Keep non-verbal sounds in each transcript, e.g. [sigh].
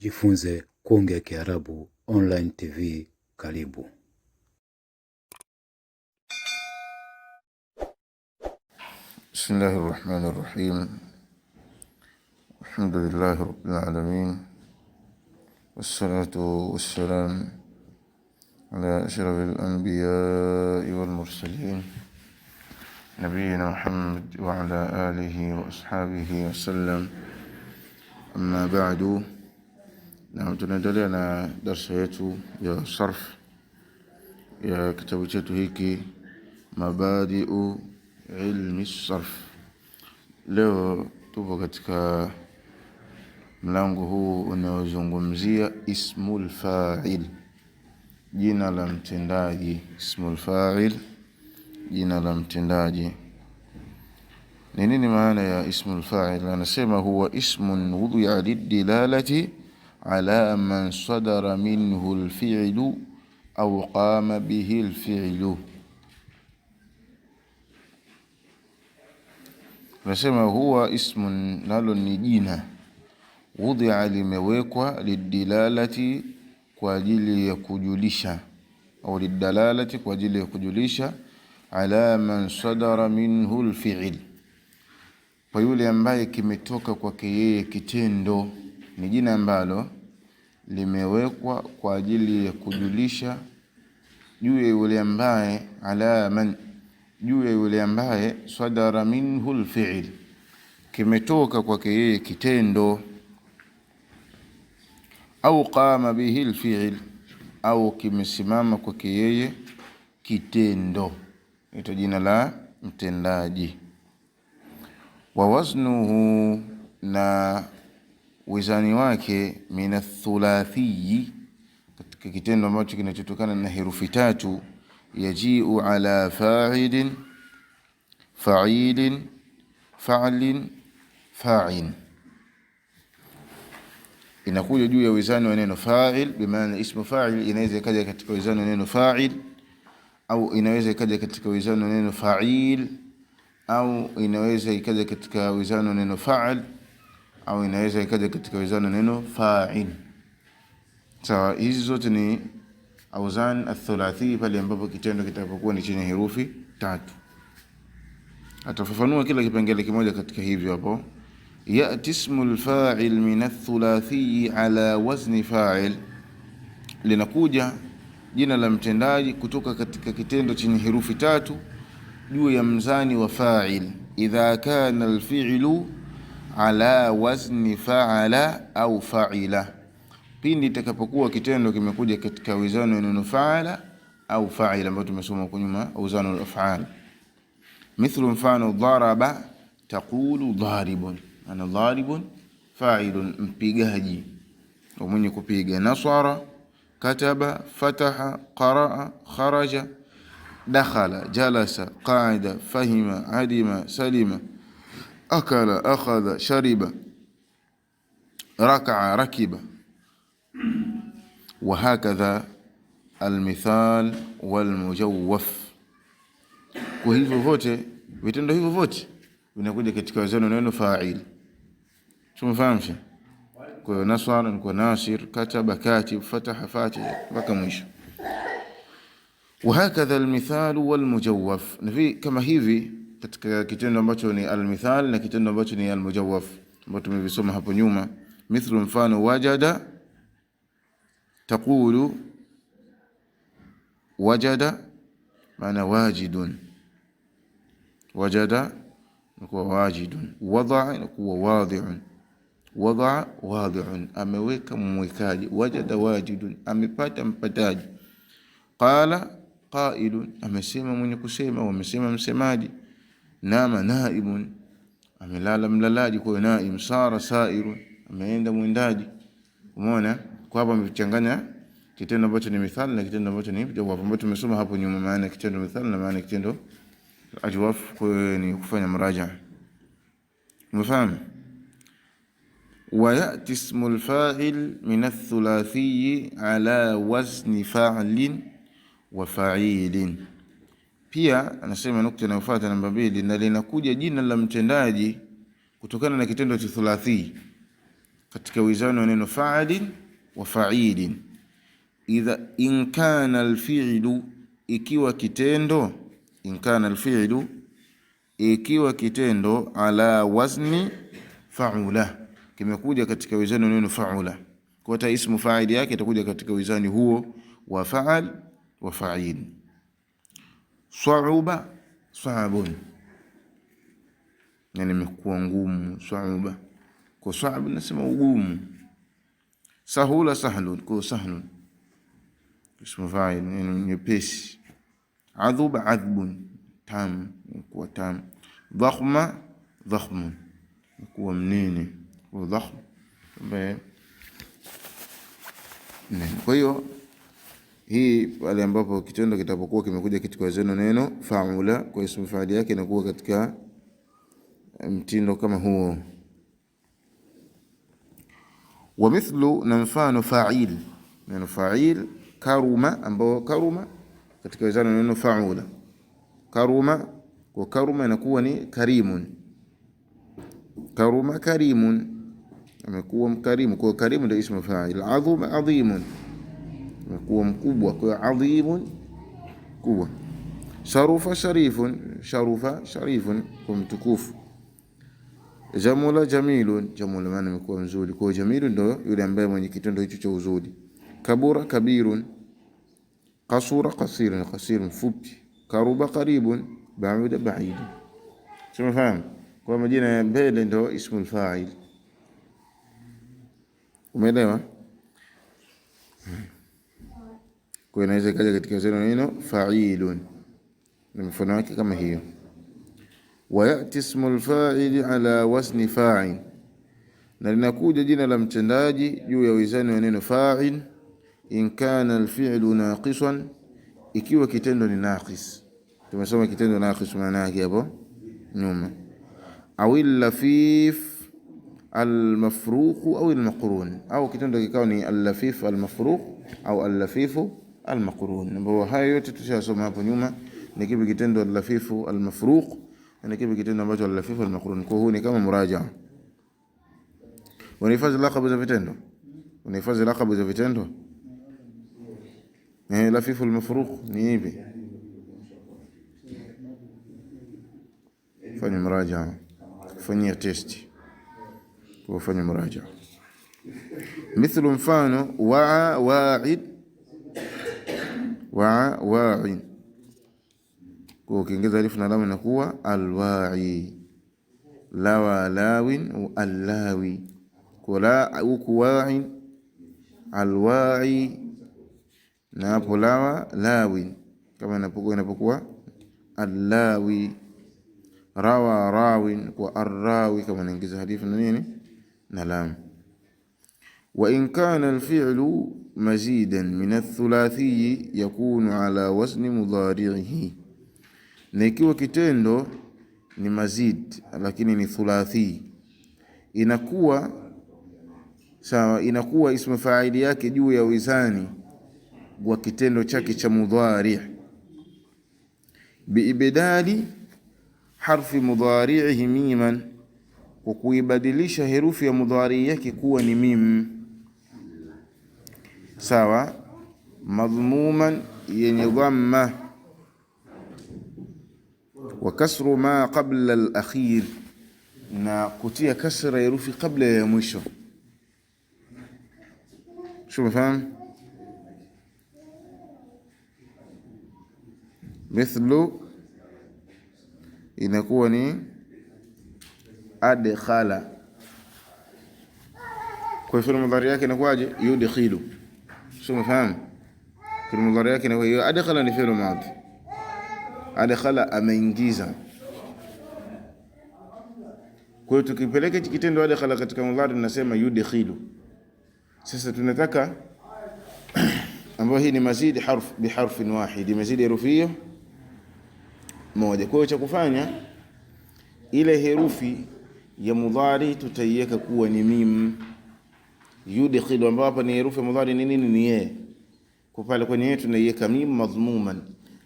Jifunze kuongea Kiarabu online TV karibu. Bismillahi rahmani rahim alhamdulillahi rabbil alamin wassalatu wassalam ala ashrafil anbiyai wal mursalin nabiyina Muhammad wa ala alihi wa ashabihi أما amma ba'du Na tunaendelea na darsa yetu ya sarf ya kitabu chetu hiki Mabadiu ilmi sarf. Leo tupo katika mlango huu unaozungumzia ismul fa'il, jina la mtendaji. Ismul fa'il, jina la mtendaji. Ni nini maana ya ismul fa'il? Anasema huwa ismun wudhi'a lid ala man sadara minhu alfi'lu au qama bihi alfi'lu. Nasema huwa ismun, nalo ni jina. Wudhia, limewekwa lidilalati, kwa ajili ya kujulisha au lidalalati, kwa ajili ya kujulisha ala man sadara minhu alfi'l, kwa yule ambaye kimetoka kwake yeye kitendo ni jina ambalo limewekwa kwa ajili ya kujulisha juu ya yule ambaye ala man, juu ya yule ambaye sadara minhu alfi'l, kimetoka kwake yeye kitendo, au qama bihi alfi'l, au kimesimama kwake yeye kitendo. Ito jina la mtendaji wa waznuhu na wizani wake min athulathi, katika kitendo ambacho kinachotokana na herufi tatu, yajiu ala fa'idin fa'ilin fa'lin fa'in, inakuja juu ya wizani wa neno fa'il, bi maana ismu fa'il inaweza ikaja katika wizani wa neno fa'il au inaweza ikaja katika wizani wa neno fa'il au inaweza ikaja katika wizani wa neno fa'al au inaweza ikaja katika wizana neno fa'il. Sawa, hizi zote ni auzan athulathi pale ambapo kitendo kitapokuwa ni chenye herufi tatu. Atafafanua kila kipengele kimoja katika hivyo hapo. Ya'ti ismul fa'il min athulathi ala wazni fa'il, linakuja jina la mtendaji kutoka katika kitendo chenye herufi tatu juu ya mzani wa fa'il idha kana alfi'lu ala wazni faala au faila, pindi itakapokuwa kitendo kimekuja katika wizano ya neno faala au faila, ambayo tumesoma huko nyuma, wizano al Mithlu, mfano daraba taqulu dharibun, ana dharibun fa'ilun, mpigaji au mwenye kupiga. Nasara, kataba, fataha, qaraa, kharaja, dakhala, jalasa, qaida, fahima, adima, salima أكل أخذ شرب ركع ركب وهكذا المثال walmujawwaf. Kwa hivyo vyote vitendo hivyo vyote vinakuja katika wazano neno fa'il, tumfahamsha. Kwa hiyo nasara ni kwa nasir, kataba katib, fataha fatih, mpaka mwisho. Wahakadha almithalu walmujawwaf, na kama hivi katika kitendo ambacho ni almithal na kitendo ambacho ni almujawaf ambacho tumevisoma hapo nyuma. Mithlu, mfano wajada, taqulu wajada, maana wajidun, wajada nakuwa wajidun, wadaa nakuwa wadhiun, wadaa wadhiun, ameweka mwekaji, wajada wajidun, amepata mpataji. Qala qailun, amesema mwenye kusema, wamesema msemaji نام نائب أم لا لم لا نائم صار سائر أم عند مونداجي مونا كوابا مفتشانغانا كتنو بوتني مثال نكتنو بوتني جواب بوتني مسوما هابو نيوم ما نكتنو مثال ما نكتنو أجواف كوني كفاية مراجعة مفهم ويأتي اسم الفاعل من الثلاثي على وزن فاعل وفعيل Pia anasema nukta inayofuata namba mbili, na linakuja jina la mtendaji kutokana na kitendo cha thulathi katika wizani wa neno fa'ilin wa fa'ilin. Idha in kana alfi'lu, ikiwa kitendo in kana alfi'lu, ikiwa kitendo ala wazni fa'ula, kimekuja katika wizani wa neno fa'ula, kwa hata ismu fa'ili yake itakuja katika wizani huo wa fa'al wa fa'il. Sauba saabun, yani imekuwa ngumu. Sauba kwa saab, nasema ugumu. Sahula sahlun, kwa sahlun ismu fa'il, yani nyepesi. Adhuba adhbun, tam kwa tam. Dhakhma dhakhmun, kwa mnene kwa dhakhma. Kwa hiyo hii pale ambapo kitendo kitapokuwa kimekuja zeno neno faula kwa ismu faili yake inakuwa katika eh, mtindo kama huo. Wa mithlu, na mfano fa'il, neno fa'il karuma, ambao karuma katika zeno neno faula. Karuma kwa karuma inakuwa ni karimun, karuma karimun, amekuwa mkarimu, kwa karimu ndio ismu faili. Adhuma adhimun umekuwa mkubwa. Kwa hiyo adhimun, kubwa. Sharufa sharifun, sharufa sharifun, kwa mtukufu. Jamula jamilun, jamula maana imekuwa mzuri. Kwa hiyo jamilu ndio yule ambaye mwenye kitendo hicho cha uzuri. Kabura kabirun, kasura kasirun, kasir mfupi. Karuba karibun, bauda baidu Tumefahamu kwa majina ya mbele ndio ismul fa'il. Umeelewa? Kwa inaweza ikaja katika wazani neno fa'ilun na mfano wake kama hiyo. Wa ya'ti ismu al ala wasni fa'il, na linakuja jina la mtendaji juu ya wizani wa neno fa'il. In kana al-fi'lu naqisan, ikiwa kitendo ni naqis. Tumesoma kitendo naqis maana yake hapo nyuma. Au al-lafif al-mafruq au al-maqrun, au kitendo kikao ni al-lafif al-mafruq al almaqrun, ambao hayo yote tushasoma hapo nyuma, ni kipi kitendo alafifu almafruq na kipi kitendo ambacho alafifu almaqrun. Kwa huu ni kama muraja, unahifadhi lakabu za vitendo, unahifadhi lakabu za vitendo. Eh, lafifu almafruq ni ipi? Fanya muraja, fanyia testi, ufanye muraja. Mithlu, mfano waa waid wai. Kwa ukiongeza alifu na lamu inakuwa alwai, lawin allawi, huku wai alwai na hapo lawa lawin kama inapokuwa allawi rawa rawin kwa arrawi kama naingiza halifu na nini na lam. Wa in kana alfi'lu mazidan min athulathiyi yakunu ala wazni mudhari'ihi, na ikiwa kitendo ni mazid lakini ni thulathi, inakuwa sawa, inakuwa ismu faili yake juu ya wizani wa kitendo chake cha mudhari biibdali harfi mudhari'ihi miman, kwa kuibadilisha herufi ya mudhari yake kuwa ni mim سوا مضموما يعني ضمة وكسر ما قبل الأخير نا قتية كسر يروفي قبل يمشو شو بفهم مثل ينكوني أدخال كيف المضارع يكون يدخلوا Sio mfahamu? Kuna mudhari yake, na hiyo adkhala ni fi'l madhi. Adkhala ameingiza. Kwa hiyo tukipeleka hiki kitendo adkhala katika mudhari tunasema yudkhilu. Sasa tunataka ambayo hii ni mazidi harf bi harfin wahid, mazidi herufi hiyo moja. Kwa hiyo cha kufanya ile herufi ya mudhari tutaiweka kuwa ni mim yudkhilu, ambao hapa ni herufi mudhari ni nini? Ni yeye. Kwa pale kwenye yetu tunaiweka mim madhmuman,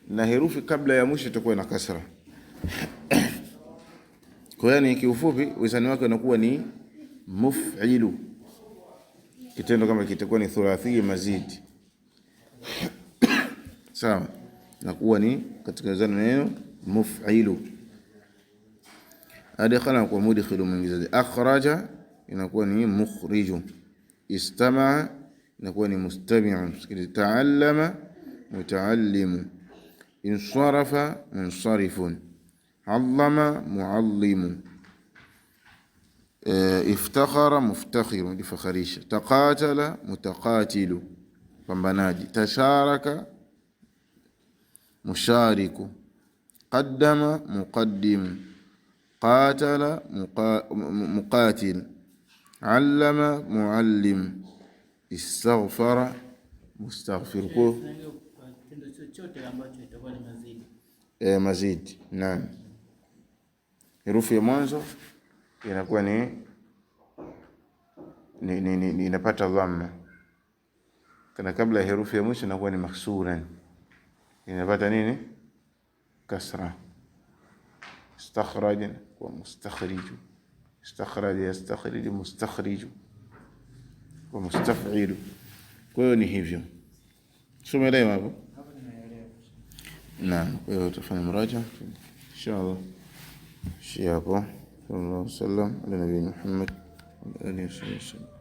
na herufi kabla ya mwisho itakuwa na kasra. [coughs] Kwa hiyo ni kiufupi, wisani wake unakuwa ni muf'ilu, kitendo kama kitakuwa ni thulathi mazidi [coughs] sawa, nakuwa ni katika wizani neno muf'ilu. Adkhala kwa mudkhilu, mwingizaji. Akhraja inakuwa ni mukhriju. استمع نكون مستمع تعلم متعلم انصرف منصرف علم معلم آه، افتخر مفتخر لفخريشة تقاتل متقاتل بمبنادي تشارك مشارك قدم مقدم قاتل مقاتل allama muallim, istaghfara mustaghfir. ko e, eh, mazid naam, herufi ya mwanzo inakuwa ni ni, ni, ni, inapata dhamma kana kabla ya herufi ya mwisho inakuwa ni maksuran, inapata nini? Kasra. Istakhraja wa mustakhriju استخرج يستخرج مستخرج ومستفعل كوني هيفيو شو ما لي ما نعم ايوه تفهم مراجعة ان شاء الله شيابو صلى الله عليه وسلم على نبي محمد وعلى اله وصحبه وسلم